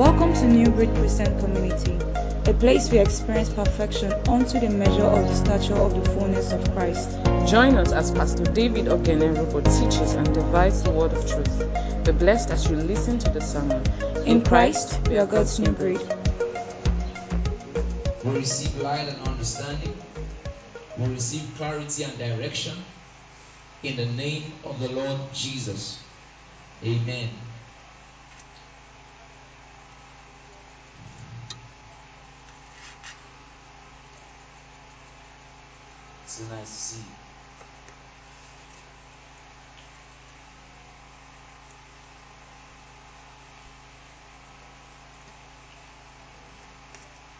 Welcome to New Breed Christian Community, a place where experience perfection unto the measure of the stature of the fullness of Christ. Join us as Pastor David Robert teaches and divides the word of truth. Be blessed as you listen to the sermon. In Christ, we are God's new breed. We receive light and understanding. We receive clarity and direction in the name of the Lord Jesus. Amen. it's nice to see you.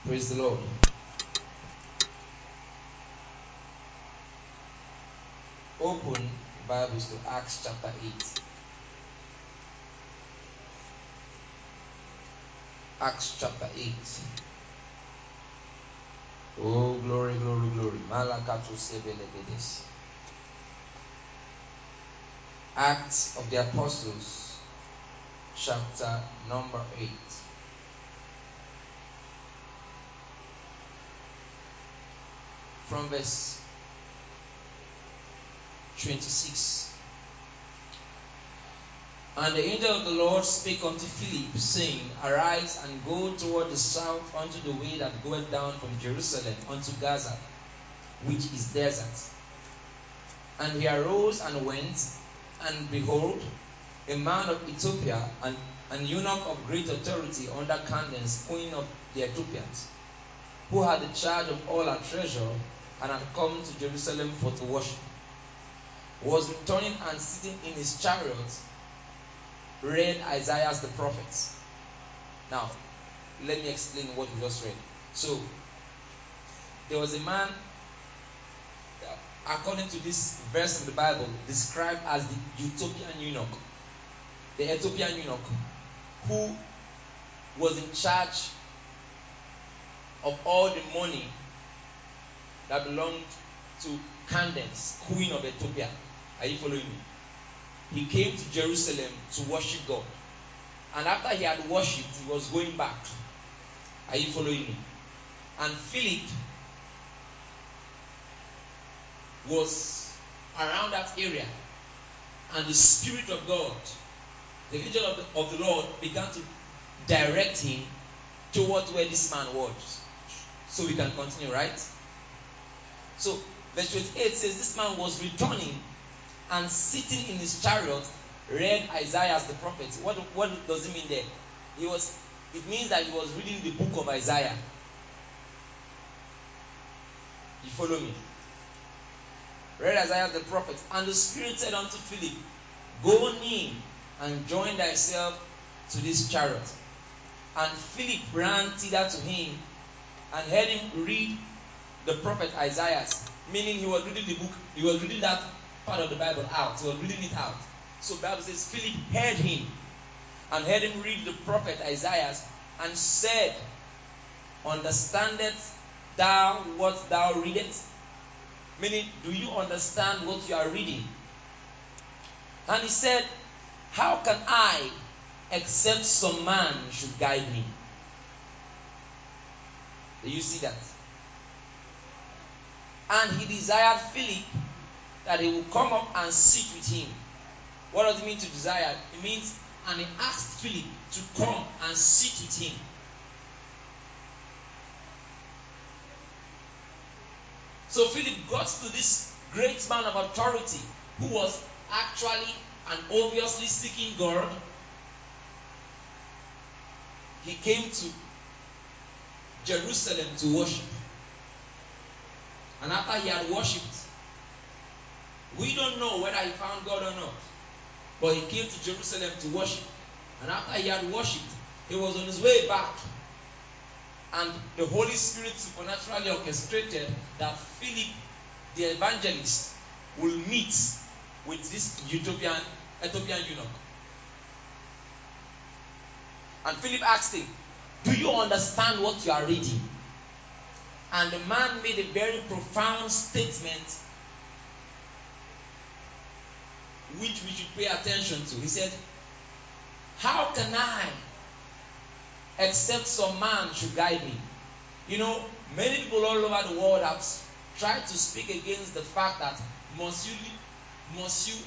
Praise the Lord. Open Bibles to Acts chapter 8. Acts chapter 8. Oh, glory, glory, glory. Malakato Sebelevedes. Acts of the Apostles, chapter number 8. From verse 26 and the angel of the Lord spake unto Philip, saying, Arise and go toward the south unto the way that goeth down from Jerusalem unto Gaza, which is desert. And he arose and went, and behold, a man of Ethiopia, and an eunuch of great authority under Candace, queen of the Ethiopians, who had the charge of all her treasure, and had come to Jerusalem for to worship, was returning and sitting in his chariot read Isaiah's the prophet. Now, let me explain what we just read. So, there was a man, according to this verse of the Bible, described as the utopian eunuch, the Ethiopian eunuch, who was in charge of all the money that belonged to Candace, queen of Ethiopia. Are you following me? He came to Jerusalem to worship God. And after he had worshipped, he was going back. Are you following me? And Philip was around that area. And the Spirit of God, the vision of the, of the Lord, began to direct him towards where this man was. So we can continue, right? So, verse 28 says, This man was returning and sitting in his chariot read Isaiah the prophet. What, what does it mean there? He was, it means that he was reading the book of Isaiah. You follow me? Read Isaiah the prophet. And the Spirit said unto Philip, Go near and join thyself to this chariot. And Philip ran thither to him and heard him read the prophet Isaiah, meaning he was reading the book, he was reading that part of the Bible out. He was reading it out. So Bible says Philip heard him and heard him read the prophet Isaiah and said, Understandest thou what thou readest? Meaning, do you understand what you are reading? And he said, How can I except some man should guide me? Do you see that? And he desired Philip that he will come up and sit with him. What does it mean to desire? It means, and he asked Philip to come and sit with him. So Philip got to this great man of authority who was actually and obviously seeking God. He came to Jerusalem to worship. And after he had worshipped, We don't know whether he found God or not. But he came to Jerusalem to worship. And after he had worshipped, he was on his way back. And the Holy Spirit supernaturally orchestrated that Philip, the evangelist, will meet with this Utopian, Ethiopian eunuch. And Philip asked him, Do you understand what you are reading? And the man made a very profound statement which we should pay attention to. He said, How can I accept some man should guide me? You know, many people all over the world have tried to speak against the fact that must you, must you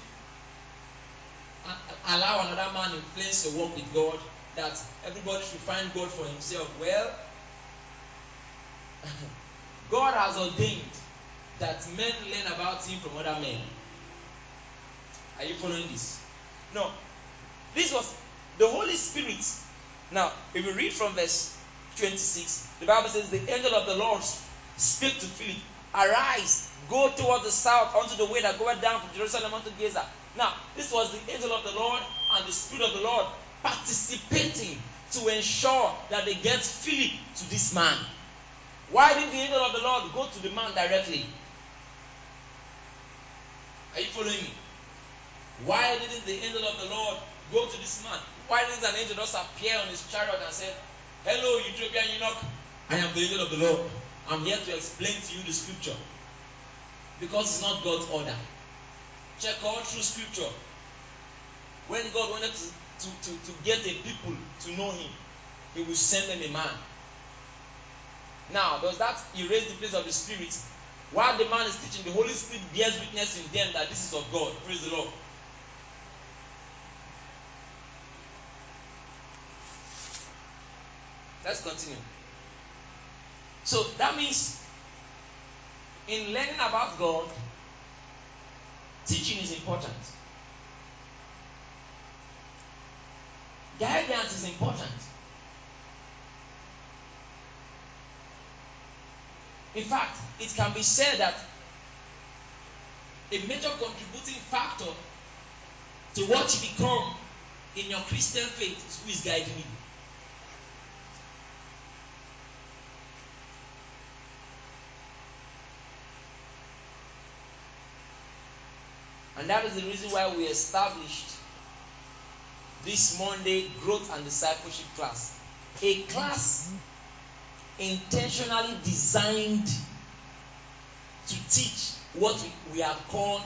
allow another man in place to work with God, that everybody should find God for himself. Well, God has ordained that men learn about him from other men. Are you following this? No. This was the Holy Spirit. Now, if we read from verse 26, the Bible says, The angel of the Lord spoke to Philip, Arise, go toward the south unto the way that goeth down from Jerusalem unto Gaza. Now, this was the angel of the Lord and the Spirit of the Lord participating to ensure that they get Philip to this man. Why did not the angel of the Lord go to the man directly? Are you following me? Why didn't the angel of the Lord go to this man? Why didn't an angel just appear on his chariot and say, Hello, Ethiopian eunuch, I am the angel of the Lord. I'm here to explain to you the scripture. Because it's not God's order. Check all through scripture. When God wanted to, to, to, to get a people to know him, he will send them a man. Now, does that erase the place of the Spirit? While the man is teaching, the Holy Spirit bears witness in them that this is of God. Praise the Lord. Let's continue. So that means in learning about God, teaching is important. Guidance is important. In fact, it can be said that a major contributing factor to what you become in your Christian faith is who is guiding you. And that is the reason why we established this Monday growth and discipleship class. A class intentionally designed to teach what we have called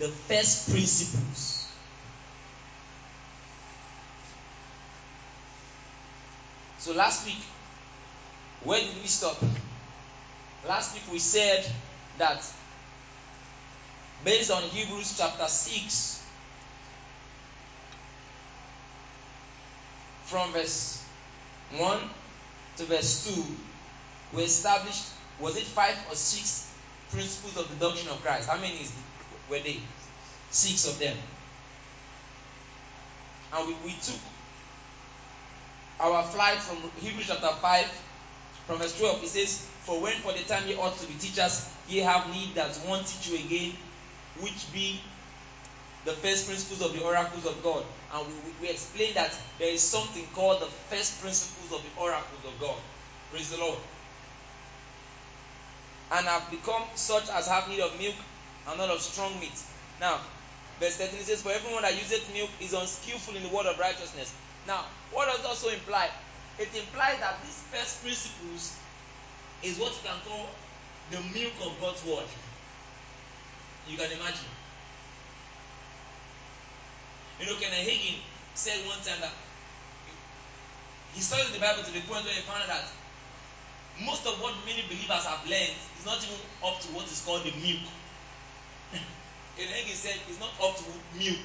the first principles. So last week, where did we stop? Last week we said that based on Hebrews chapter 6 from verse 1 to verse 2 we established was it five or six principles of the doctrine of Christ how many is, were they six of them and we, we took our flight from Hebrews chapter 5 from verse 12 it says for when for the time ye ought to be teachers ye have need that one teach you again which be the first principles of the oracles of God. And we, we, explain that there is something called the first principles of the oracles of God. Praise the Lord. And have become such as have need of milk and not of strong meat. Now, verse 13 says, For everyone that useth milk is unskillful in the word of righteousness. Now, what does that so imply? It implies that these first principles is what you can call the milk of God's word. You can imagine. You know, Kenneth Hagin said one time that he studied the Bible to the point where he found that most of what many believers have learned is not even up to what is called the milk. Kenneth Hagin said it's not up to milk.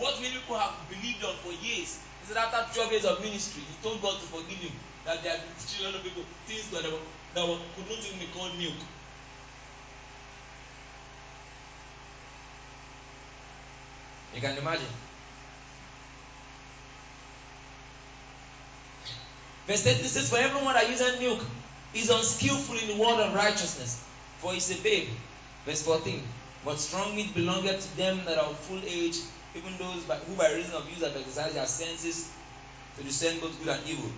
What many people have believed on for years is that after twelve years of ministry he told God to forgive him that there are children of people things that, were, that were, could not even be called milk. You can imagine. Verse 30 says, For everyone that uses milk is unskillful in the word of righteousness, for he's a babe. Verse 14. But strong meat belongeth to them that are of full age, even those by, who by reason of use have exercised their senses to discern both good and evil.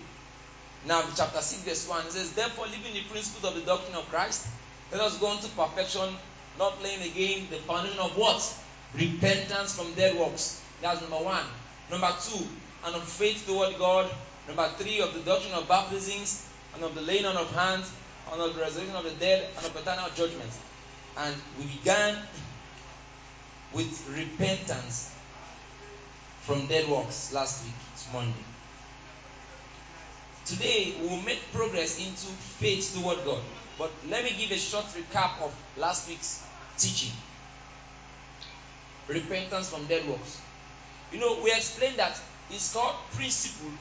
Now, chapter 6, verse 1 says, Therefore, leaving the principles of the doctrine of Christ, let us go unto perfection, not laying again the foundation of what? Repentance from dead works. That's number one. Number two, and of faith toward God. Number three, of the doctrine of baptisms and of the laying on of hands and of the resurrection of the dead and of eternal judgment. And we began with repentance from dead works last week, it's Monday. Today, we will make progress into faith toward God. But let me give a short recap of last week's teaching repentance from dead works. You know, we explained that it's called principle.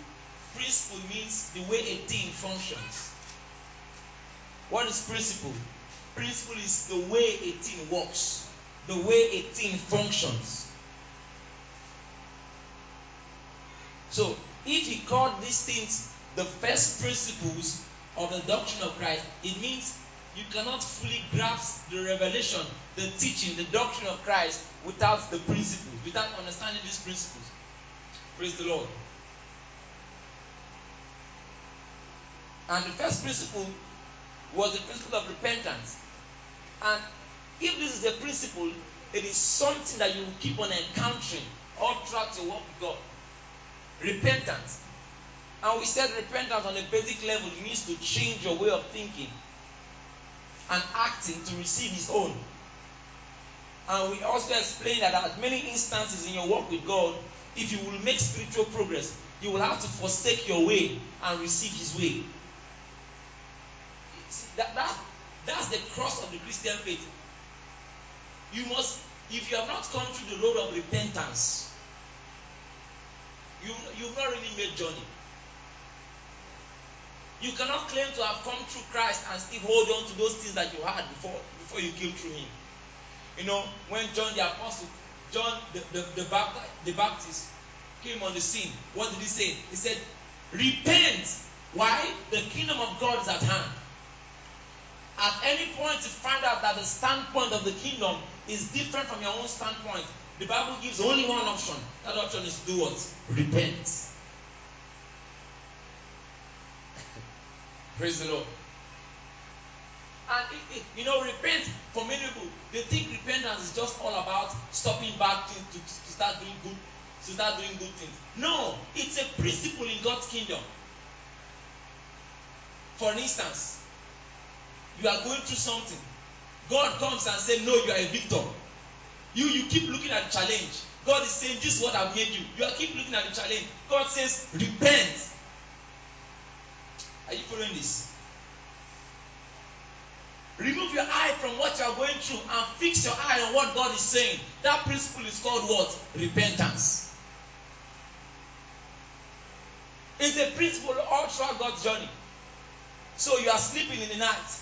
Principle means the way a thing functions. What is principle? Principle is the way a thing works, the way a thing functions. So, if he called these things the first principles of the doctrine of Christ, it means you cannot fully grasp the revelation, the teaching, the doctrine of Christ without the principles, without understanding these principles. Praise the Lord. And the first principle was the principle of repentance. And if this is a principle, it is something that you will keep on encountering all throughout your walk with God. Repentance. And we said repentance on a basic level means to change your way of thinking and acting to receive his own. And we also explain that at many instances in your walk with God, if you will make spiritual progress, you will have to forsake your way and receive his way. That, that, that's the cross of the Christian faith. You must, if you have not come through the road of repentance, you, you've not really made journey. You cannot claim to have come through Christ and still hold on to those things that you had before before you came through Him. You know, when John the Apostle, John the, the, the, Baptist, the Baptist came on the scene, what did he say? He said, Repent. Why? The kingdom of God is at hand. At any point, you find out that the standpoint of the kingdom is different from your own standpoint. The Bible gives only one option. That option is do what? Repent. Praise the Lord. And it, it, you know, repent for many people. They think repentance is just all about stopping bad things to, to start doing good, to start doing good things. No, it's a principle in God's kingdom. For instance, you are going through something. God comes and says, No, you are a victim. You you keep looking at the challenge. God is saying, This is what I've made you. You are keep looking at the challenge. God says, Repent. Are you following this? Remove your eye from what you are going through and fix your eye on what God is saying. That principle is called what? Repentance. It's a principle all throughout God's journey. So you are sleeping in the night.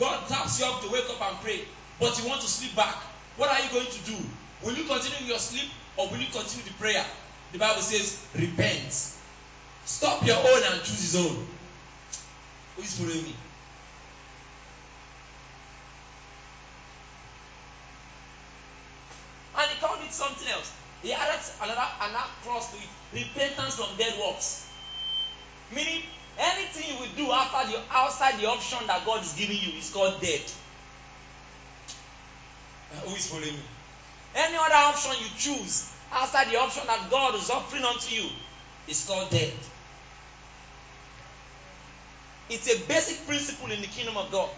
God taps you up to wake up and pray, but you want to sleep back. What are you going to do? Will you continue your sleep or will you continue the prayer? The Bible says, repent. Stop your own and choose his own oṣù rẹ̀ mi. And he called it something else. He added another another cross to it, repentance from dead works. Meaning, anything you will do after the outside the option that God is giving you is called dead. Who is following me? Any other option you choose outside the option that God is offering unto you is called dead. It's a basic principle in the kingdom of God.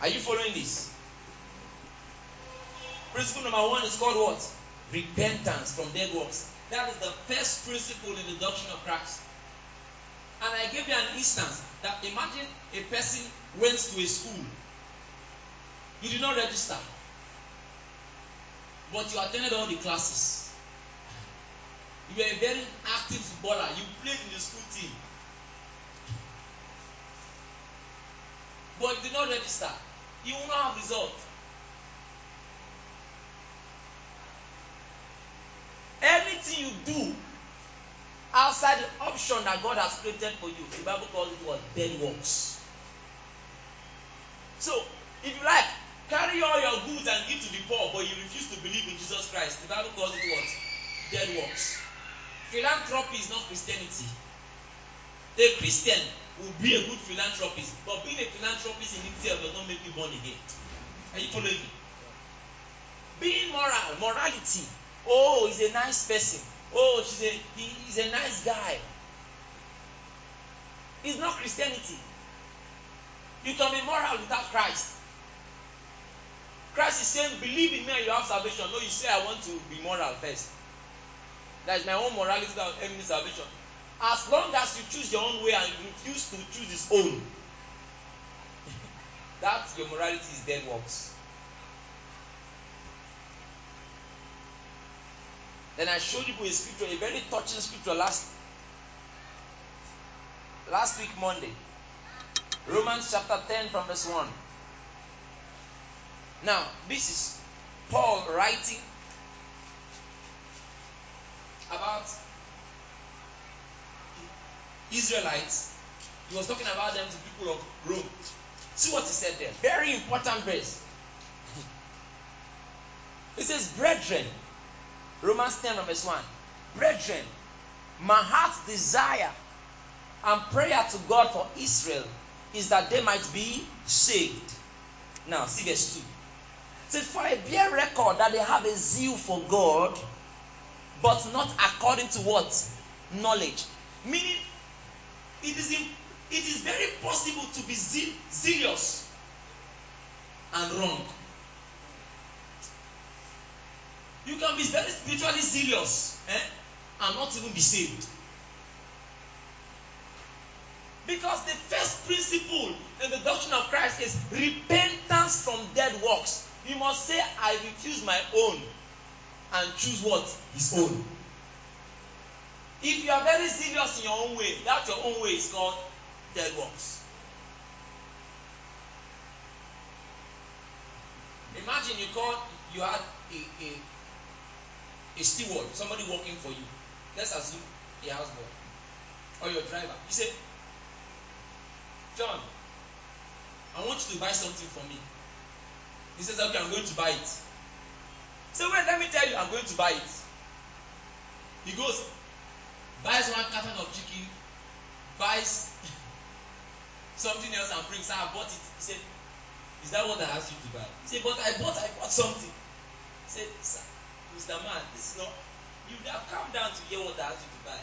Are you following this? Principle number one is called what? Repentance from dead works. That is the first principle in the doctrine of Christ. And I gave you an instance that imagine a person went to a school. You did not register, but you attended all the classes you were a very active footballer you played in the school team but you did not register you will not have result anything you do outside the option that God has created for you the Bible calls it what dead works so if you like carry all your goods and give to the poor but you refuse to believe in Jesus Christ the Bible calls it what dead works Philanthropy is not Christianity. A Christian will be a good philanthropist, but being a philanthropist in itself does not make you born again. Are you following me? Being moral, morality. Oh, he's a nice person. Oh, she's a, he's a nice guy. It's not Christianity. You can be moral without Christ. Christ is saying, believe in me and you have salvation. No, you say, I want to be moral first. That is my own morality that will end salvation. As long as you choose your own way and refuse to choose his own, that your morality is dead works. Then I showed you a scripture, a very touching scripture last last week Monday. Romans chapter 10 from verse 1. Now, this is Paul writing about Israelites, he was talking about them to people of Rome. See what he said there. Very important verse. He says, Brethren, Romans 10 verse 1. Brethren, my heart's desire and prayer to God for Israel is that they might be saved. Now, see verse 2. It says, For I bear record that they have a zeal for God but not according to what? Knowledge. Meaning, it is, in, it is very possible to be ze- serious and wrong. You can be very spiritually serious eh? and not even be saved. Because the first principle in the doctrine of Christ is repentance from dead works. You must say, I refuse my own and choose what his own. If you are very serious in your own way, that your own way is called dead works. Imagine you call you had a a a steward, somebody working for you. Let's assume a houseboy or your driver. You say, John, I want you to buy something for me. He says, Okay, I'm going to buy it. Say, wait, let me tell you, I'm going to buy it. He goes, buys one carton of chicken, buys something else and brings. Ah, I bought it. He said, Is that what I asked you to buy? He said, But I bought, I bought something. He said, Sir, Mr. Man, this is not. You have come down to hear what I asked you to buy.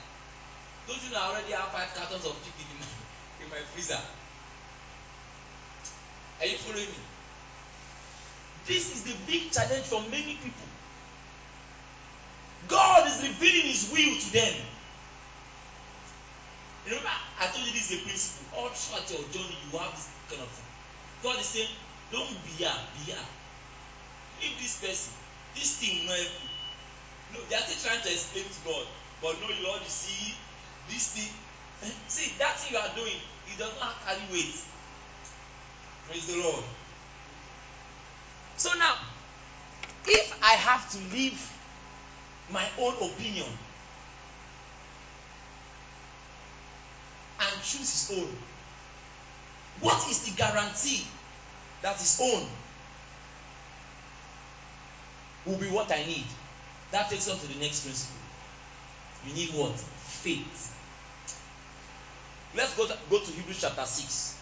Don't you know I already have five cartons of chicken in my, in my freezer? Are you following me? This is the big challenge for many people. God is revealing His will to them. Remember, I told you this is a principle. All throughout your journey, you have this kind of thing. God is saying, don't be here, be here. Leave this person. This thing will help you. No, they are still trying to explain to God. But no, Lord, you see, this thing. Eh, see, that thing you are doing, it does not carry weight. Praise the Lord. So now, if I have to leave my own opinion and choose his own, what is the guarantee that his own will be what I need? That takes us to the next principle. You need what? Faith. Let's go to, go to Hebrews chapter 6.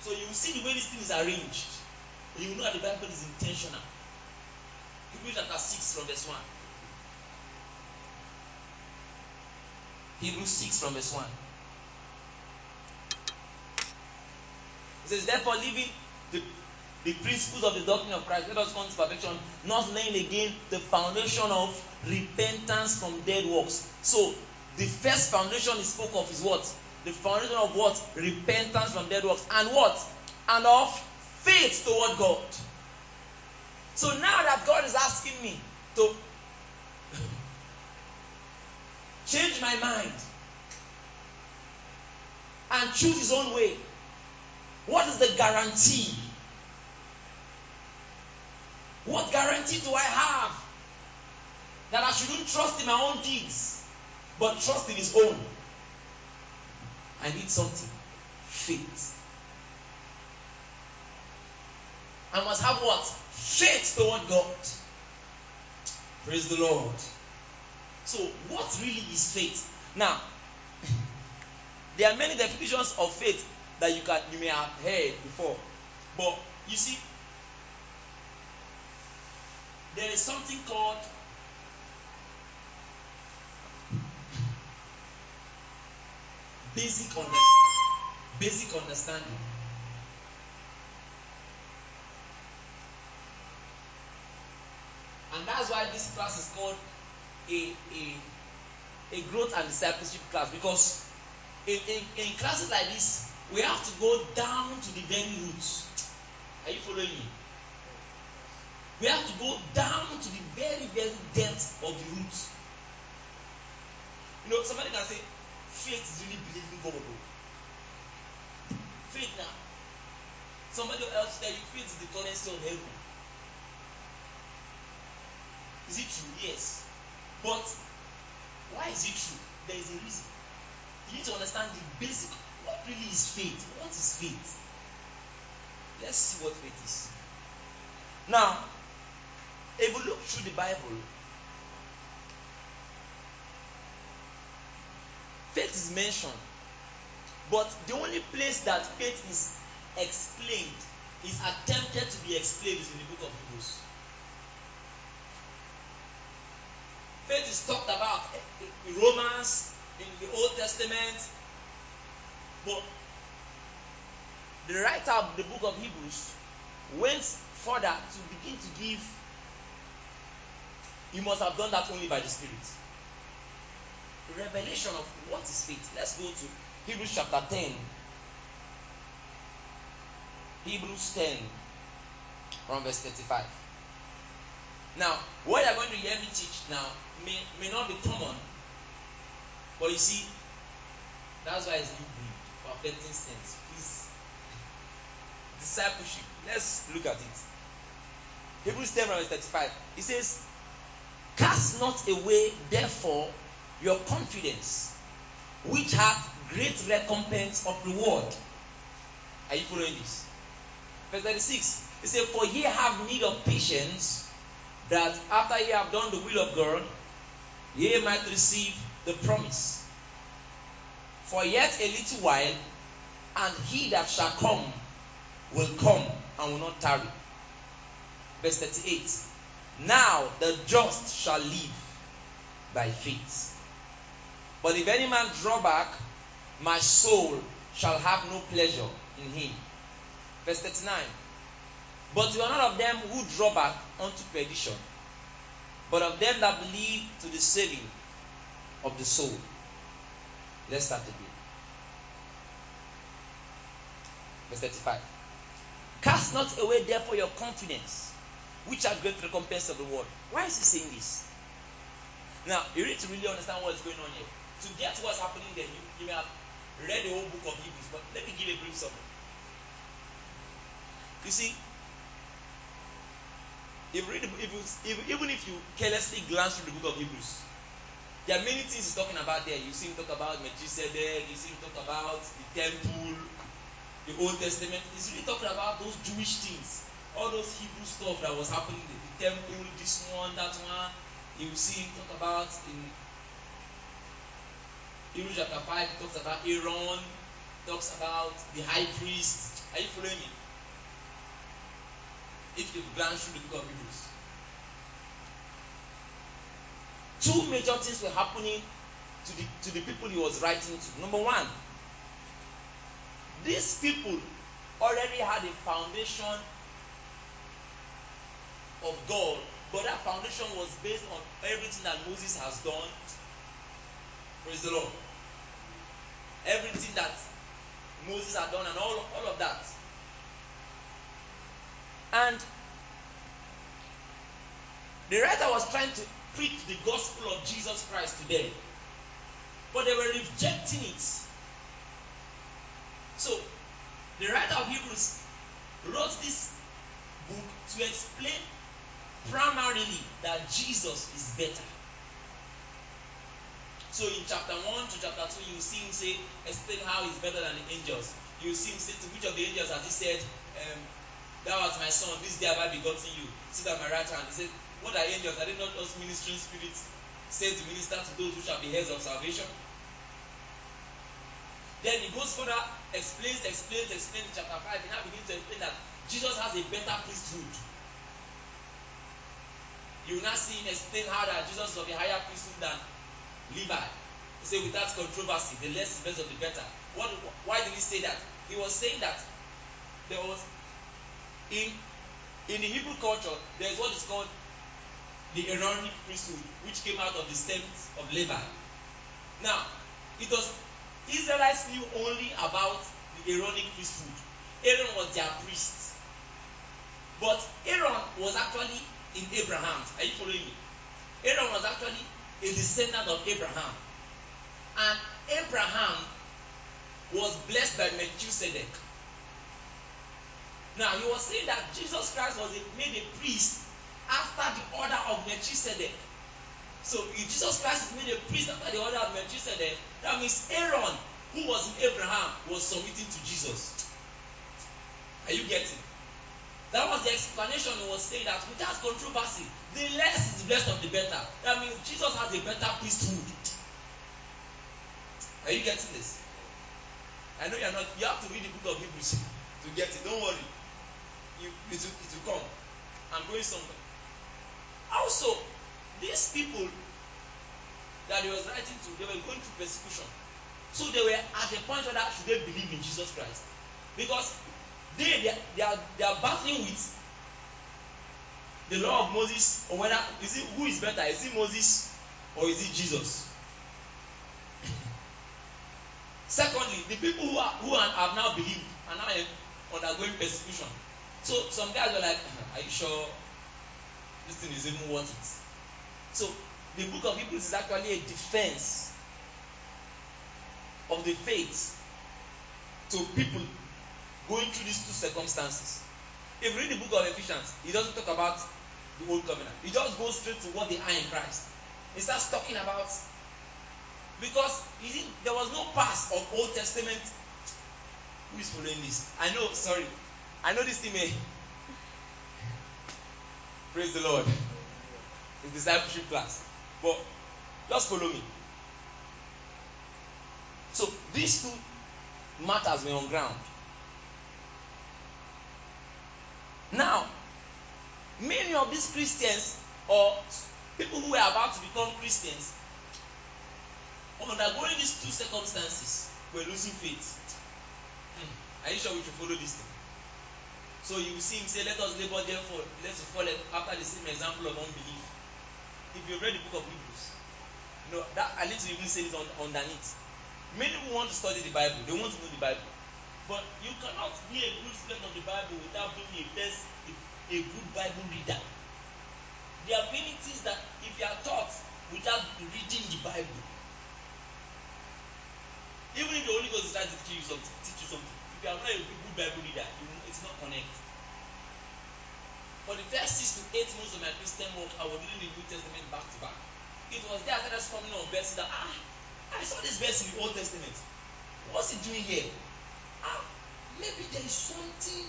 So you will see the way these things are arranged. you know that the Bible is intentional. Hebrews chapter 6 from verse 1. Hebrews 6 from verse 1. It says, Therefore, leaving the, the principles of the doctrine of Christ, let us come to perfection, not laying again the foundation of repentance from dead works. So, the first foundation he spoke of is what? The foundation of what? Repentance from dead works. And what? And of faith toward God. So now that God is asking me to change my mind and choose his own way, what is the guarantee? What guarantee do I have that I shouldn't trust in my own deeds, but trust in his own? I need something faith. I must have what? Faith toward God. Praise the Lord. So, what really is faith? Now, there are many definitions of faith that you can you may have heard before. But you see, there is something called basic understanding. basic understanding. that's why this class is called a a a growth and discipleship class because in in, in classes like this we have to go down to the very roots are you following me we have to go down to the very very depth of the roots you know somebody can say faith is really believing God o faith na somebody else tell you faith is the currency of heaven Is it true? Yes. But why is it true? There is a reason. You need to understand the basic. What really is faith? What is faith? Let's see what faith is. Now, if we look through the Bible, faith is mentioned. But the only place that faith is explained, is attempted to be explained, is in the book of Hebrews. faith is talked about in Romans, in the Old Testament, but the writer of the book of Hebrews went further to begin to give. You must have done that only by the Spirit. Revelation of what is faith. Let's go to Hebrews chapter 10. Hebrews 10 from verse 35. Now, what you're going to hear me teach now may, may not be common, but you see, that's why it's new breed, perfecting sense. Please, discipleship. Let's look at it. Hebrews 10 verse 35. It says, Cast not away, therefore, your confidence, which hath great recompense of reward. Are you following this? Verse 36. It says, For ye have need of patience that after ye have done the will of God, ye might receive the promise. For yet a little while, and he that shall come will come and will not tarry. Verse 38 Now the just shall live by faith. But if any man draw back, my soul shall have no pleasure in him. Verse 39 But you are not of them who draw back unto perdition, but of them that believe to the saving of the soul. Let's start again. Verse 35. Cast not away therefore your confidence, which are great recompense of the world. Why is he saying this? Now, you need to really understand what is going on here. To get what's happening then, you, you may have read the whole book of Hebrews, but let me give a brief summary. You see, if read the, if you if, even if you carelessly glance through the book of Hebrews there are many things he's talking about there you see him talk about Melchizedek you see him talk about the temple the Old Testament he's really talking about those Jewish things all those Hebrew stuff that was happening there the temple this one that one you see him talk about in Hebrews chapter five he talks about Aaron talks about the high priest are you following me if you glance through the book of Hebrews. Two major things were happening to the, to the people he was writing to. Number one, these people already had a foundation of God, but that foundation was based on everything that Moses has done. Praise the Lord. Everything that Moses had done and all, all of that And the writer was trying to preach the gospel of Jesus Christ to them, but they were rejecting it. So, the writer of Hebrews wrote this book to explain primarily that Jesus is better. So in chapter 1 to chapter 2, you see him say, explain how he's better than the angels. You see him say, to which of the angels has he said, um, Thou art my son, this day have I begotten you. Sit at my right hand. He said, What are angels? Are they not us ministering spirits? Said to minister to those who shall be heads of salvation. Then he goes further, explains, explains, explains in chapter five. He now begins to explain that Jesus has a better priesthood. You now see him explain how that Jesus is of a higher priesthood than Levi. He say, without controversy, the less is best of the better. What, why did he say that? He was saying that there was in in the Hebrew culture, there is what is called the Aaronic priesthood, which came out of the stems of Levi. Now, it was Israelites knew only about the Aaronic priesthood. Aaron was their priest, but Aaron was actually in Abraham. Are you following me? Aaron was actually a descendant of Abraham, and Abraham was blessed by Melchizedek now, you were saying that Jesus Christ was made a priest after the order of Melchizedek. So, if Jesus Christ is made a priest after the order of Melchizedek, that means Aaron, who was in Abraham, was submitting to Jesus. Are you getting? That was the explanation he was saying that without controversy, the less is the best of the better. That means Jesus has a better priesthood. Are you getting this? I know you're not. You have to read the book of Hebrews to get it. Don't worry you, it, will, it will come. I'm going somewhere. Also, these people that he was writing to, they were going through persecution. So they were at the point where should they believe in Jesus Christ? Because they, they, they, are, they are battling with the law of Moses, or whether is it who is better? Is it Moses or is it Jesus? Secondly, the people who, are, who have now believed are now undergoing persecution. So some guys were like, hmm, Are you sure this thing is even worth it? So the book of Hebrews is actually a defense of the faith to people going through these two circumstances. If you read the book of Ephesians, it doesn't talk about the old covenant, it just goes straight to what they are in Christ. It starts talking about because there was no past of Old Testament. Who is following this? I know, sorry, I know this email. Eh? Praise the Lord. It's discipleship class. But just follow me. So these two matters were on ground. Now, many of these Christians or people who were about to become Christians undergoing these two circumstances were losing faith. Hmm. Are you sure we should follow this thing? So you see him say, Let us labour therefore, let us follow after the same example of unbelief. If you read the book of Hebrews, you know, that I need to even say it on, underneath. Many people want to study the Bible, they want to know the Bible. But you cannot be a good student of the Bible without being a best, a, a good Bible reader. There are many things that if you are taught without reading the Bible, even if the Holy Ghost is to teach you something, teach you something, if you are not a good Bible reader, you not connect. For the first six to eight months of my Christian work, I was reading the New Testament back to back. It was there after that coming on verses that ah, I saw this verse in the Old Testament. What's it doing here? Ah, maybe there is something.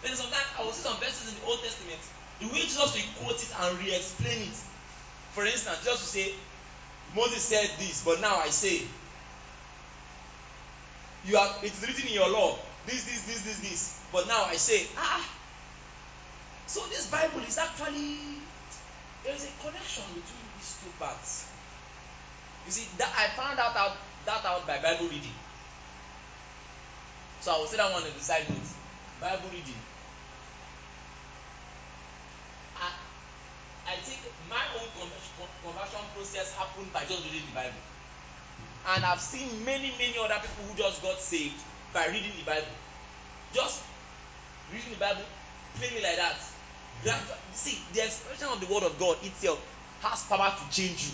Then sometimes I will see some verses in the Old Testament. The way Jesus will quote it and re-explain it. For instance, just to say, Moses said this, but now I say, you are. It is written in your law this, this, this, this, this. But now I say, ah, ah, so this Bible is actually, there is a connection between these two parts. You see, that I found out, out that out by Bible reading. So I will say that one of the side Bible reading. I, I think my own conversion, conversion process happened by just reading the Bible. And I've seen many, many other people who just got saved by reading the Bible. Just reading the Bible, plainly like that. See, the expression of the Word of God itself has power to change you.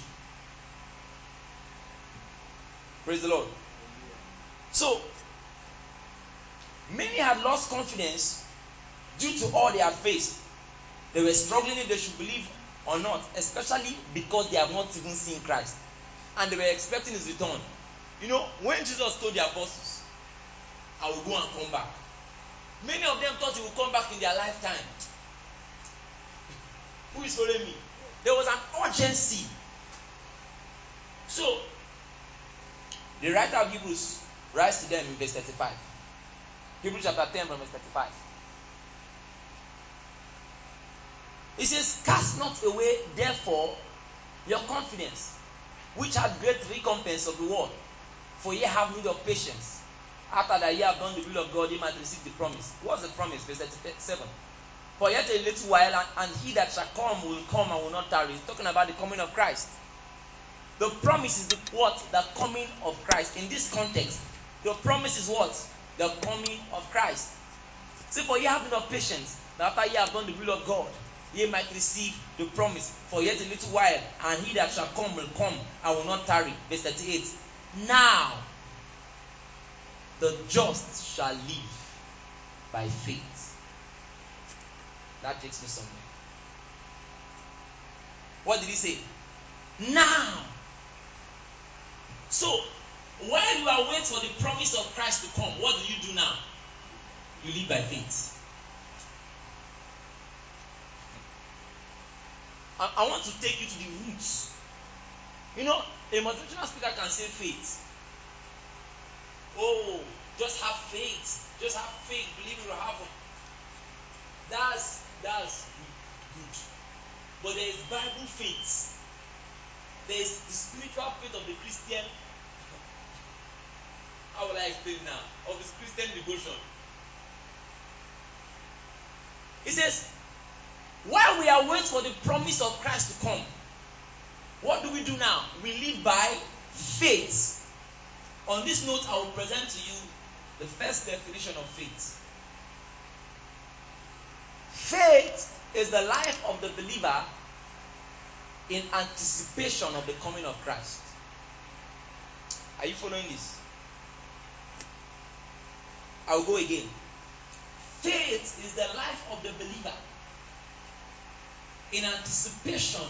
Praise the Lord. So, many had lost confidence due to all they had faced. They were struggling if they should believe or not, especially because they have not even seen Christ. And they were expecting his return. You know, when Jesus told the apostles, I will go and come back. Many of them thought he would come back in their lifetime. Who is following me? There was an urgency. So, the writer of Hebrews writes to them in verse 35. Hebrews chapter 10, from verse 35. He says, Cast not away, therefore, your confidence, which hath great recompense of reward, for ye have need of patience after that ye have done the will of God, ye might receive the promise. What's the promise? Verse 37. For yet a little while, and, and he that shall come will come and will not tarry. He's talking about the coming of Christ. The promise is the what? The coming of Christ. In this context, the promise is what? The coming of Christ. See, for ye have enough patience, that after ye have done the will of God, ye might receive the promise. For yet a little while, and he that shall come will come and will not tarry. Verse 38. Now, The just shall live by faith. That takes me somewhere. What did he say? Now. So, while you are waiting for the promise of Christ to come, what do you do now? You live by faith. I, I want to take you to the roots. You know, a motivational speaker can say faith, Oh, just have faith. Just have faith. Believe it will happen. That's that's good. But there is Bible faith. There is the spiritual faith of the Christian. How will I explain now? Of his Christian devotion. He says, while we are waiting for the promise of Christ to come, what do we do now? We live by faith on this note, I will present to you the first definition of faith. Faith is the life of the believer in anticipation of the coming of Christ. Are you following this? I'll go again. Faith is the life of the believer in anticipation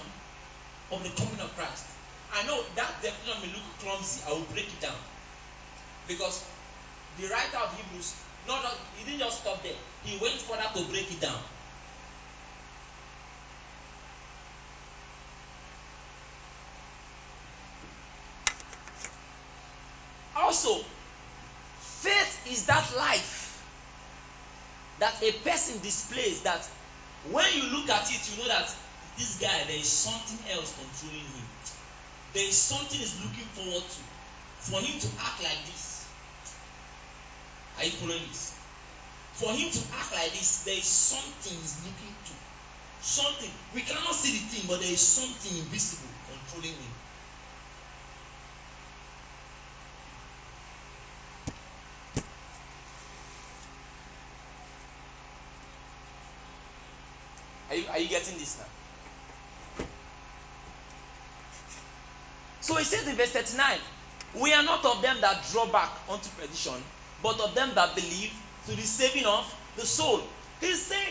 of the coming of Christ. I know that definition may look clumsy. I will break it down. Because the writer of Hebrews, not he didn't just stop there. He went further to break it down. Also, faith is that life that a person displays that when you look at it, you know that this guy, there is something else controlling him. There is something he's looking forward to. For him to act like this. Are you following this? For him to act like this, there is something he's looking to. Something. We cannot see the thing, but there is something invisible controlling him. Are you, are you getting this now? So he says in verse 39 We are not of them that draw back unto perdition, but of them that believe to the saving of the soul. He said,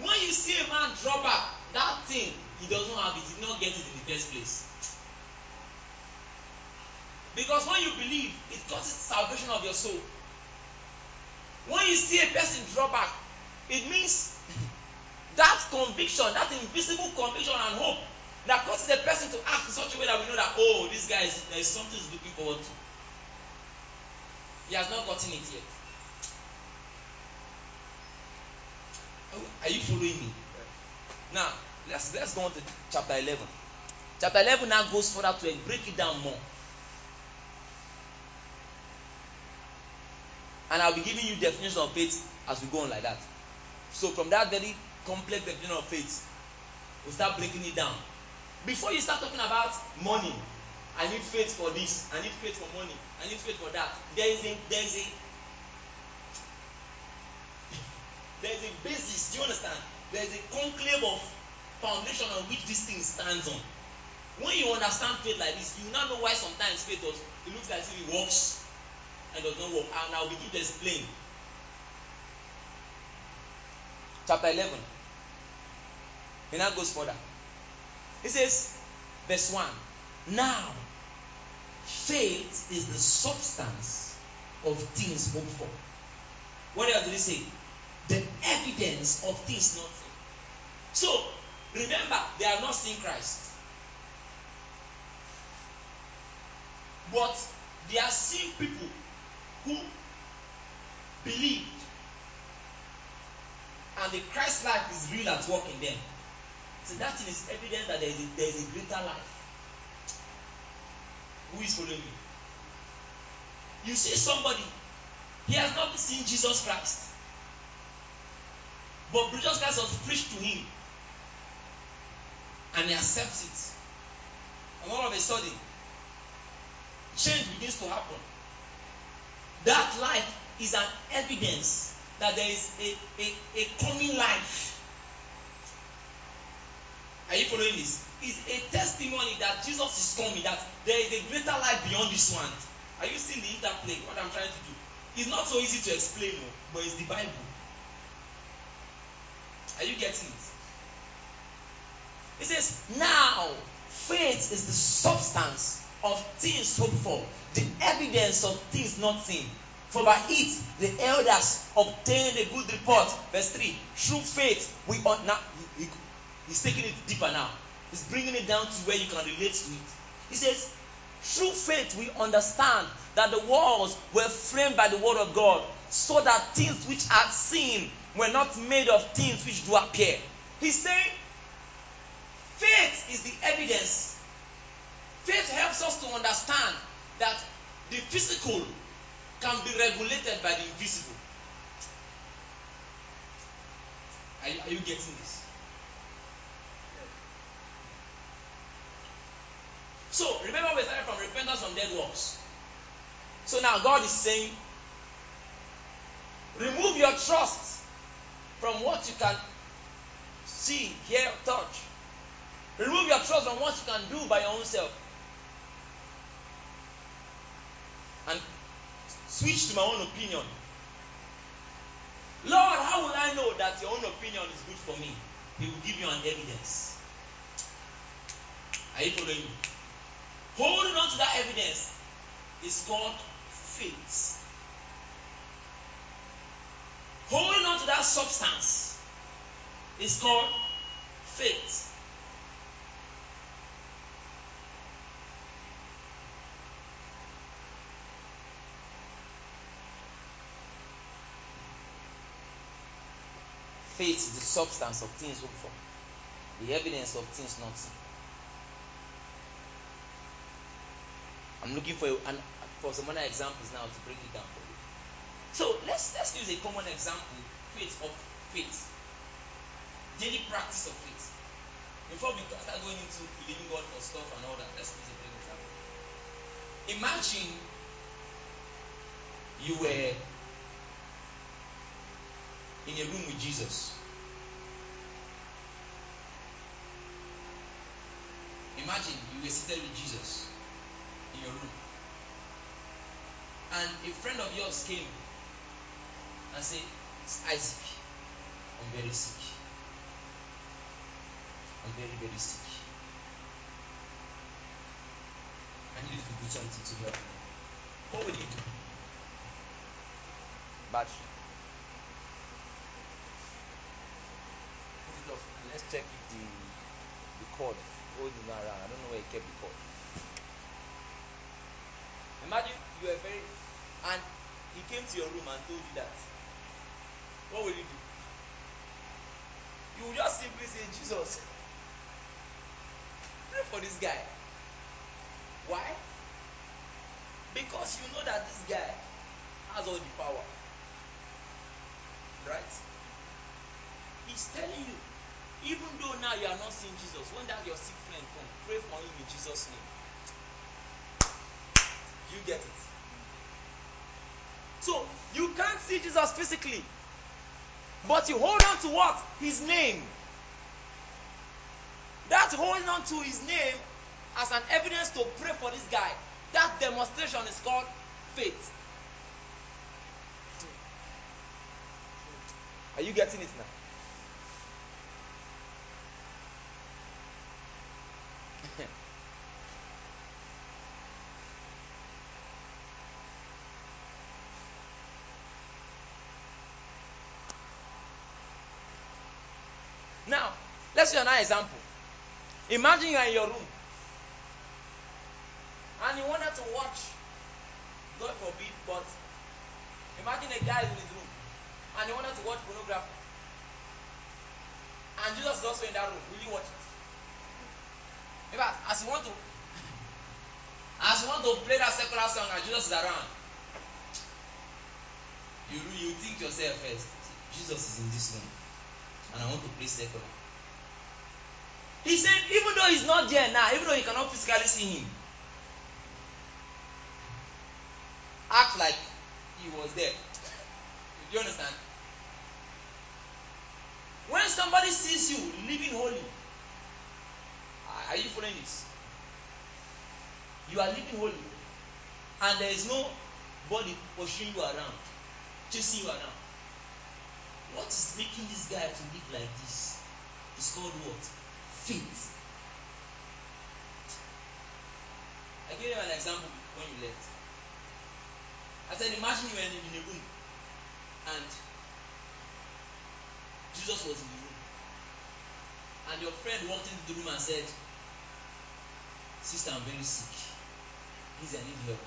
when you see a man drop out, that thing he doesn't have, he did not get it in the first place. Because when you believe, it causes salvation of your soul. When you see a person draw back, it means that conviction, that invisible conviction and hope that causes a person to act in such a way that we know that, oh, this guy is, there is something he's looking forward to. He has not gotten it yet. Oh, are you following me? Now, let's let's go on to chapter eleven. Chapter eleven now goes further to break it down more. And I'll be giving you definition of faith as we go on like that. So from that very complex definition of faith, we we'll start breaking it down. Before you start talking about money, I need faith for this. I need faith for money. I need faith for that. There is a there is a there is a basis. Do you understand? There is a conclave of foundation on which this thing stands on. When you understand faith like this, you now know why sometimes faith does it looks like it works and does not work. And I'll begin to explain. Chapter eleven. He now goes further. He says, verse one. Now Faith is the substance of things hoped for. What else did he say? The evidence of things not seen. So, remember, they are not seeing Christ. But they are seeing people who believed and the Christ life is real at work in them. So that is evidence that there is a, there is a greater life. who is following me? You see somebody, he has not seen Jesus Christ. But Jesus Christ has preached to him. And he accepts it. And all of a sudden, change begins to happen. That life is an evidence that there is a, a, a coming life Are you following this? It's a testimony that Jesus is coming, that there is a greater life beyond this one. Are you seeing the interplay? What I'm trying to do? It's not so easy to explain, oh, but it's the Bible. Are you getting it? It says, Now faith is the substance of things hoped for, the evidence of things not seen. For by it the elders obtained a good report. Verse 3 Through faith, we ought now. He's taking it deeper now. He's bringing it down to where you can relate to it. He says, through faith we understand that the walls were framed by the word of God, so that things which are seen were not made of things which do appear. He's saying, faith is the evidence. Faith helps us to understand that the physical can be regulated by the invisible. Are you, are you getting this? So remember we started from repentance from dead works. So now God is saying, remove your trust from what you can see, hear, touch. Remove your trust from what you can do by your own self. And switch to my own opinion. Lord, how will I know that your own opinion is good for me? He will give you an evidence. Are you following me? Holding on to that evidence is called faith. Holding on to that substance is called faith. Faith is the substance of things hoped for, the evidence of things not seen. I'm looking for, an, for some other examples now to bring it down for you. So let's, let's use a common example faith of faith. Daily practice of faith. Before we start going into believing God for stuff and all that, let's use a big example. Imagine you were in a room with Jesus. Imagine you were seated with Jesus. in your room and a friend of yours came and said Isaac I'm very sick I'm very very sick I need to do something to help me what would you do? Battery. it off let's check if the the cord holding around I don't know where he kept the cord. Imagine you are very, and he came to your room and told you that. What will you do? You will just simply say, Jesus, pray for this guy. Why? Because you know that this guy has all the power. Right? He's telling you, even though now you are not seeing Jesus, when that your sick friend come, pray for him in Jesus' name. you get it? So you can't see Jesus physically, but you hold on to what? His name. That holding on to his name as an evidence to pray for this guy, that demonstration is called faith. Are you getting it now? Let's use another example. Imagine you are in your room and you wanted to watch, God forbid, but imagine a guy is in his room and he wanted to watch pornography. And Jesus is also in that room. Will you watch it? In fact, as you want to as you want to play that secular song and Jesus is around, you you think yourself first, Jesus is in this room and I want to play secular. He said, even though he's not there now, even though you cannot physically see him, act like he was there. Do you understand? When somebody sees you living holy, are you following this? You are living holy, and there is no body pushing you around, chasing you around. What is making this guy to live like this? It's called what? faith. I give you an example when you left. I said, imagine you were in a room and Jesus was in the room. And your friend walked into the room and said, Sister, I'm very sick. Please, I need help.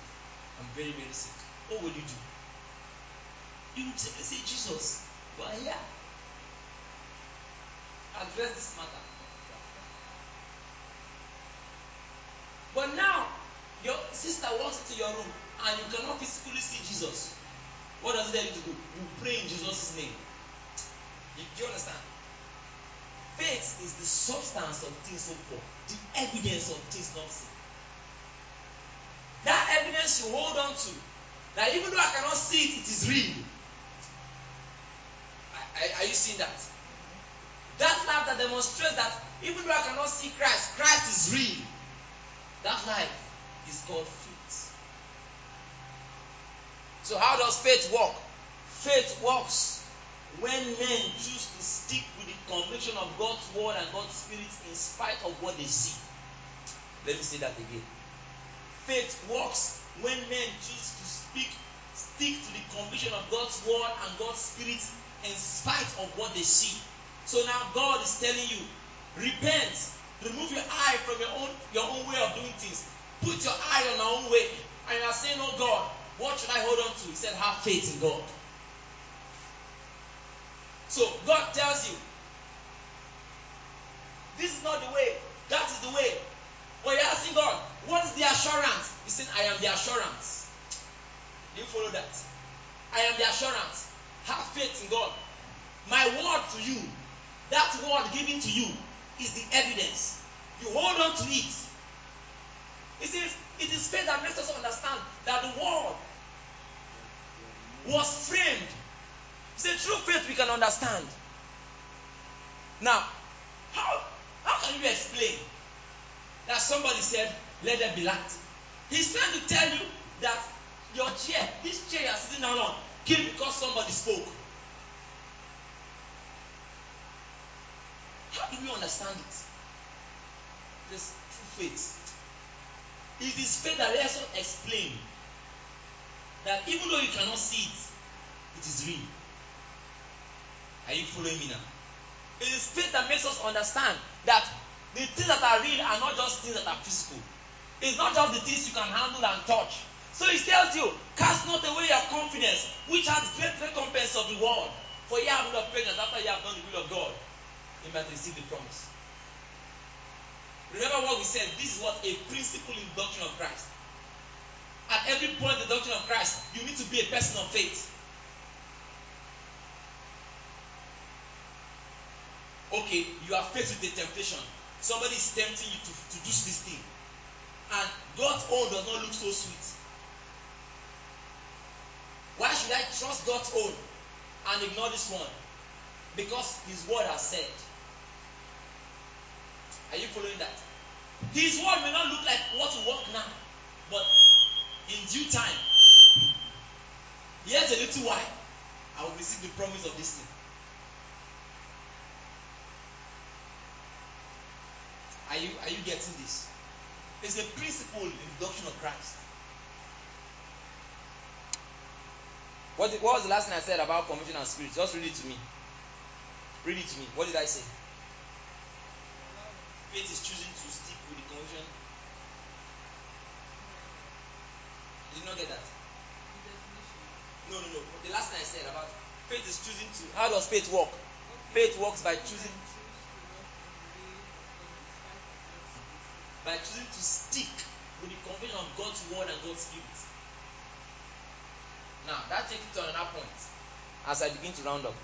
I'm very, very sick. What will you do? You would simply say, Jesus, you are here. Address this matter. But now, your sister walks into your room and you cannot physically see Jesus. What does it tell you to do? You pray in Jesus' name. Do you understand? Faith is the substance of things hoped for, the evidence of things not seen. That evidence you hold on to, that even though I cannot see it, it is real. I, I, are you seeing that? That love demonstrates that even though I cannot see Christ, Christ is real. That life is called faith. So, how does faith work? Faith works when men choose to stick with the conviction of God's word and God's spirit in spite of what they see. Let me say that again. Faith works when men choose to speak, stick to the conviction of God's word and God's spirit in spite of what they see. So now God is telling you, repent Remove your eye from your own your own way of doing things. Put your eye on our own way. And you are saying, Oh God, what should I hold on to? He said, Have faith in God. So God tells you, This is not the way, that is the way. But you're asking God, What is the assurance? He said, I am the assurance. Do you follow that? I am the assurance. Have faith in God. My word to you, that word given to you, is the evidence. You hold on to it. It is, it is faith that makes us understand that the world was framed. It's a true faith we can understand. Now, how, how can you explain that somebody said, let there be light? He's trying to tell you that your chair, this chair you're sitting down on, came because somebody spoke. do we understand it? This true faith. It is faith that lets us explain that even though you cannot see it, it is real. Are you following me now? It is faith that makes us understand that the things that are real are not just things that are physical. It's not just the things you can handle and touch. So he tells you, cast not away your confidence, which has great recompense of the world. For ye have not prayed after ye have done the will of God. you might receive the promise. Remember what we said. This is what a principle in the doctrine of Christ. At every point in the doctrine of Christ, you need to be a person of faith. Okay, you are faced with a temptation. Somebody is tempting you to, to do this thing. And God's own does not look so sweet. Why should I trust God's own and ignore this one? Because His word has said. Are you following that? His word may not look like what you work now, but in due time, yet a little while, I will receive the promise of this thing. Are you, are you getting this? It's a principle in the doctrine of Christ. What, what was the last thing I said about communion and spirit? Just read it to me. Read it to me. What did I say? faith is choosing to stick with the conviction. You did not get that? No, no, no. The last thing I said about faith is choosing to. How does faith work? Faith works by choosing. By choosing to stick with the conviction of God's word and God's spirit. Now, that takes it to another point as I begin to round up.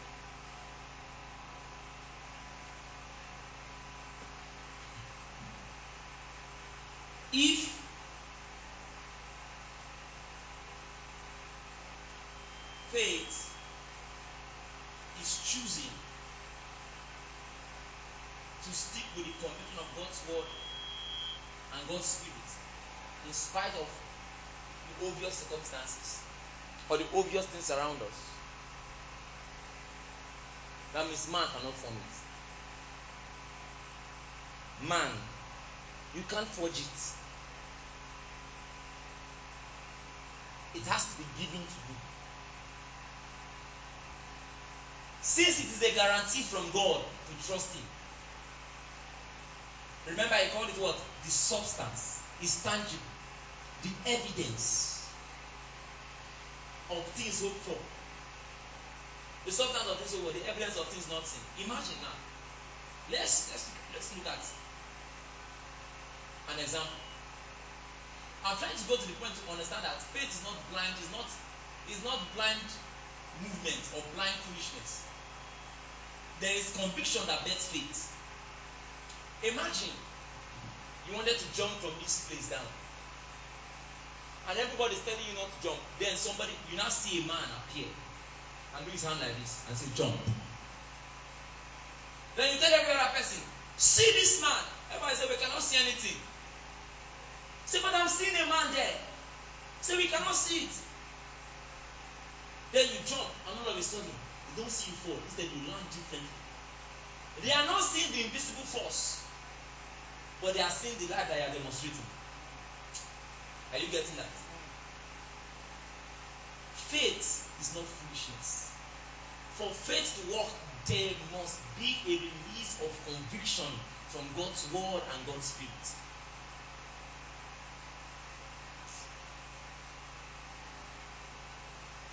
if faith is choosing to stick with the conviction of God's word and God's spirit in spite of the obvious circumstances or the obvious things around us. That means man cannot form it. Man You can't forge it. It has to be given to you. Since it is a guarantee from God to trust Him. Remember, I called it what? The substance is tangible, the evidence of things hoped for. The substance of things hoped for, the evidence of things not seen. Imagine now. Let's let's let's look at it an example. I'm trying to go to the point to understand that faith is not blind, is not is not blind movement or blind foolishness. There is conviction that bets faith. Imagine you wanted to jump from this place down. And everybody's telling you not to jump. Then somebody, you now see a man appear and do his hand like this and say, jump. Then you tell every other person, see this man. Everybody say, we cannot see anything. Say, but I'm seeing a man there. Say, we cannot see it. Then you jump, and all of a sudden, you don't see you fall. Instead, you land differently. They are not seeing the invisible force, but they are seeing the light that you are demonstrating. Are you getting that? Faith is not foolishness. For faith to work, there must be a release of conviction from God's word and God's spirit.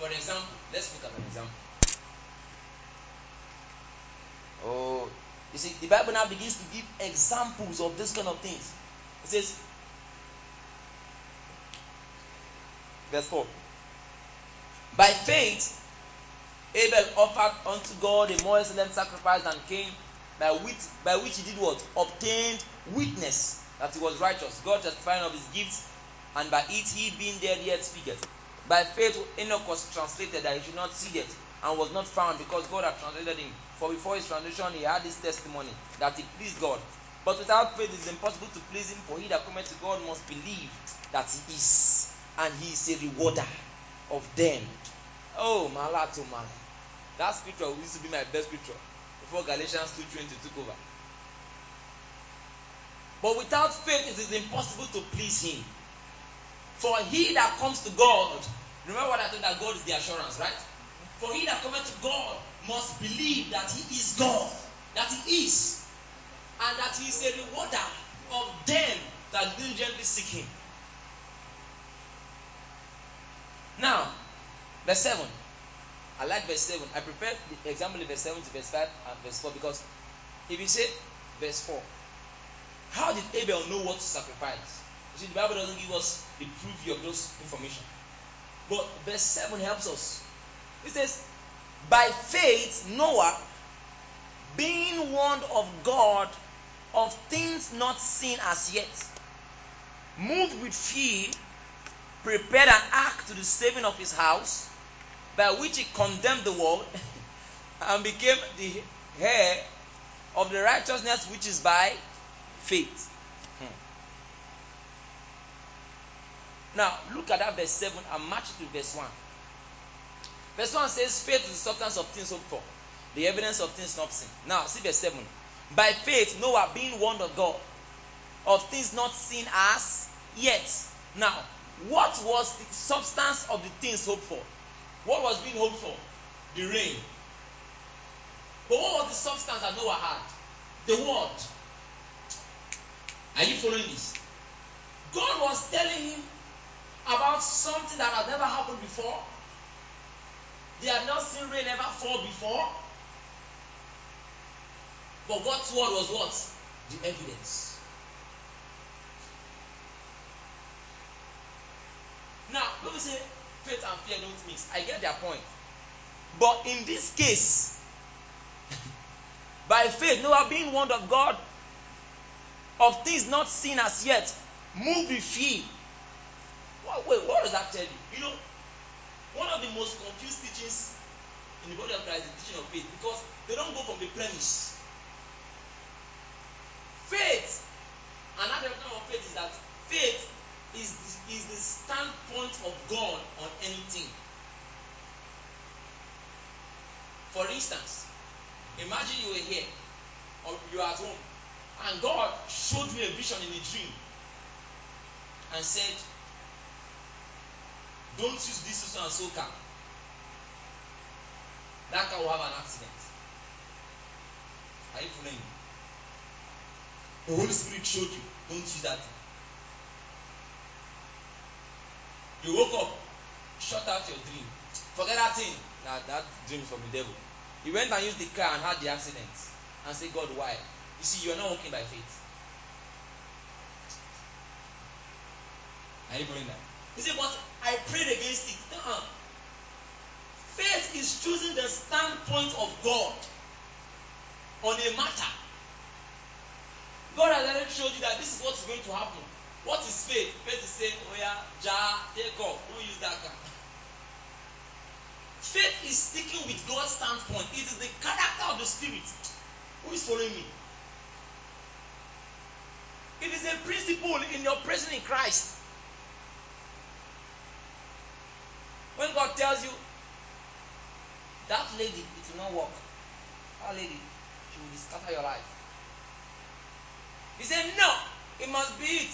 For example, let's look at an example. Oh, you see, the Bible now begins to give examples of this kind of things. It says, verse 4 By faith, Abel offered unto God a more excellent sacrifice than Cain, by which, by which he did what? Obtained witness that he was righteous, God testifying of his gifts, and by it he being dead yet speaketh. By faith, Enoch was translated that he should not see death and was not found because God had translated him. For before his translation, he had this testimony that he pleased God. But without faith, it is impossible to please him, for he that cometh to God must believe that he is, and he is a rewarder of them. Oh, mala to That scripture used to be my best scripture before Galatians 2.20 took over. But without faith, it is impossible to please him. For he that comes to God, remember what I said that God is the assurance, right? For he that cometh to God must believe that he is God, that he is, and that he is a rewarder of them that diligently seek him. Now, verse 7. I like verse 7. I prepared the example of verse 7 to verse 5 and verse 4 because if you say verse 4, how did Abel know what to sacrifice? You see, the Bible doesn't give us the proof of those information. But verse 7 helps us. It says, By faith, Noah, being warned of God of things not seen as yet, moved with fear, prepared an ark to the saving of his house, by which he condemned the world and became the heir of the righteousness which is by faith. Now, look at that verse 7 and match it to verse 1. Verse 1 says, Faith is the substance of things hoped for, the evidence of things not seen. Now, see verse 7. By faith, Noah, being warned of God, of things not seen as yet. Now, what was the substance of the things hoped for? What was being hoped for? The rain. But what was the substance that Noah had? The word. Are you following this? God was telling him about something that has never happened before. They had not seen rain ever fall before. But God's word was what? The evidence. Now, people say faith and fear don't mix. I get their point. But in this case, by faith, Noah being warned of God, of things not seen as yet, Move with fear What, wait, what does that tell you? You know, one of the most confused teachings in the body of Christ is the teaching of faith because they don't go from the premise. Faith, another kind of faith is that faith is the, is the standpoint of God on anything. For instance, imagine you were here or you are at home and God showed you a vision in a dream and said, Don't use this system and so car. That car will have an accident. Are you following me? The Holy Spirit showed you. Don't use that. You woke up, shut out your dream. Forget that thing. That that dream is from the devil. He went and used the car and had the accident. And say, God, why? You see, you are not walking by faith. Are you following that? He said, but I prayed against it. Uh-uh. Faith is choosing the standpoint of God on a matter. God has already showed you that this is what is going to happen. What is faith? Faith is saying, oh yeah, ja, take off. use that guy? Faith is sticking with God's standpoint. It is the character of the Spirit. Who is following me? It is a principle in your presence in Christ. tells you that lady it will not work that lady she will scatter your life he say no it must be it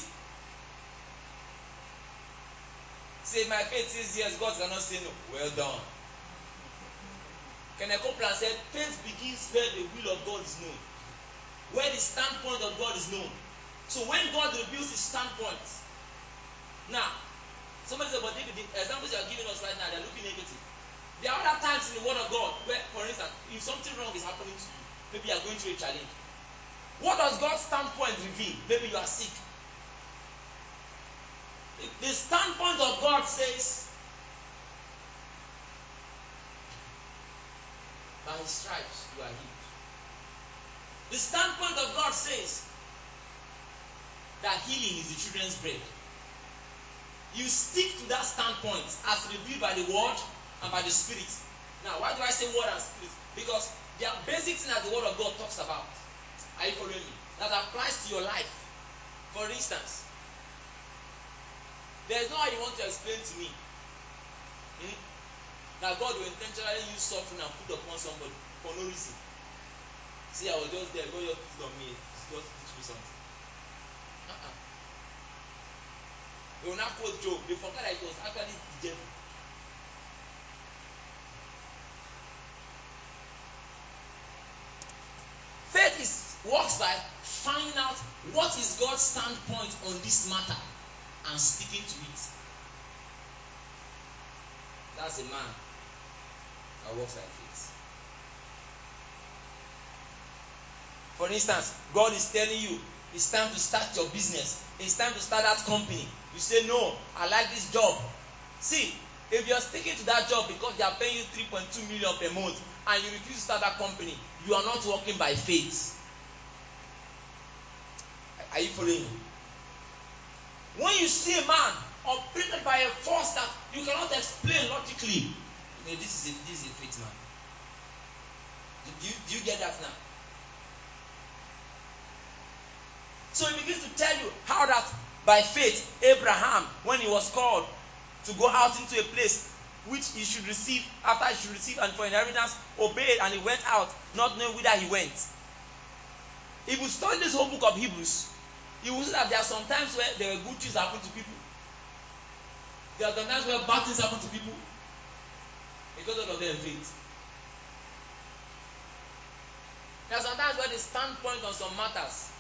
say my faith is yes God cannot say no well done Kenneth Copeland said faith begins where the will of God is known where the standpoint of God is known so when God reveals his standpoint now Somebody said, but the, the examples you are giving us right now, they're looking negative. There are other times in the Word of God where, for instance, if something wrong is happening to you, maybe you are going through a challenge. What does God's standpoint reveal? Maybe you are sick. the standpoint of God says, by his stripes you are healed. The standpoint of God says that healing is the children's bread. you stick to that standpoint as revealed by the word and by the spirit. Now, why do I say word and spirit? Because they are basic things that the word of God talks about. Are you following me? That applies to your life. For instance, there is no how you want to explain to me hmm, that God will intentionally use suffering and put upon somebody for no reason. See, I was just there. God just put on me. Just teach me something. will not quote Job. They forgot that it was actually the devil. Faith is works by finding out what is God's standpoint on this matter and sticking to it. That's a man that works like faith. For instance, God is telling you It's time to start your business. It's time to start that company. You say, No, I like this job. See, if you are sticking to that job because they are paying you three point two million per month and you refuse to start that company, you are not working by faith. Are you following me? When you see a man operated by a force that you cannot explain logically, you know, this is a, this is a faith man. Do, do, do you get that now? So he begins to tell you how that by faith Abraham, when he was called to go out into a place which he should receive after he should receive and for inheritance, obeyed and he went out, not knowing whither he went. If you study this whole book of Hebrews, you will see that there are some times where there were good things happen to people. There are times where bad things happen to people because of their faith. There are sometimes where the standpoint on some matters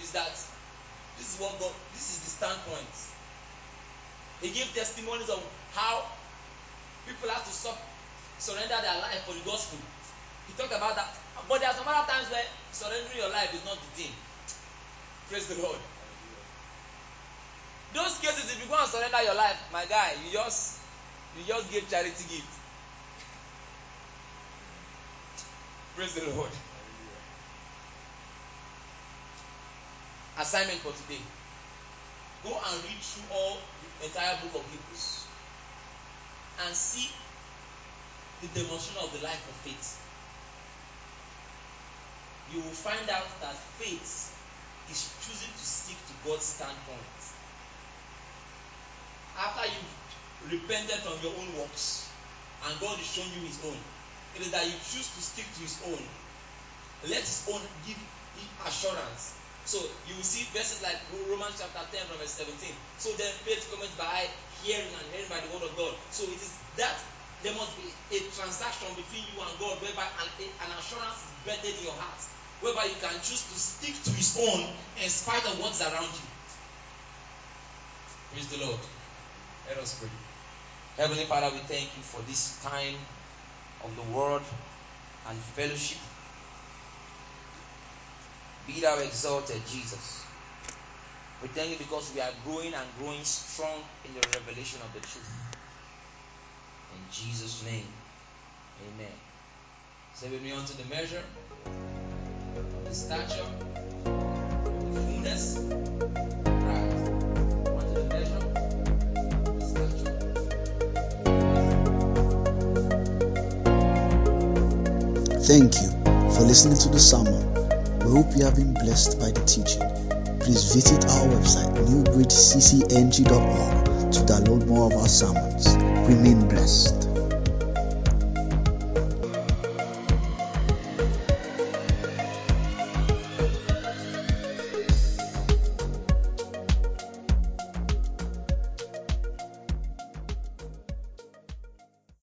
is that this is what God, this is the standpoint. He gave testimonies of how people have to sub, surrender their life for the gospel. He talked about that. But there are some other times where surrendering your life is not the thing. Praise the Lord. Those cases, if you go and surrender your life, my guy, you just you just give charity gift. Praise the Lord. assignment for today go and read through all the entire book of Hebrews and see the demonstration of the life of faith. You will find out that faith is choosing to stick to God's standpoint. After you've repented from your own works and God is showing you his own, it is that you choose to stick to his own. Let his own give assurance So you see verses like Romans chapter 10, verse 17. So then faith comes by hearing and hearing by the word of God. So it is that there must be a transaction between you and God whereby an, an assurance is better in your heart, whereby you can choose to stick to his own in spite of what's around you. Praise the Lord. Let us pray. Heavenly Father, we thank you for this time of the word and fellowship. Be thou exalted, Jesus. We thank you because we are growing and growing strong in the revelation of the truth. In Jesus' name, amen. Say with me unto the measure, the stature, the fullness, Unto the measure, the stature. Thank you for listening to the sermon we hope you have been blessed by the teaching. Please visit our website newbridgeccng.org to download more of our sermons. Remain blessed.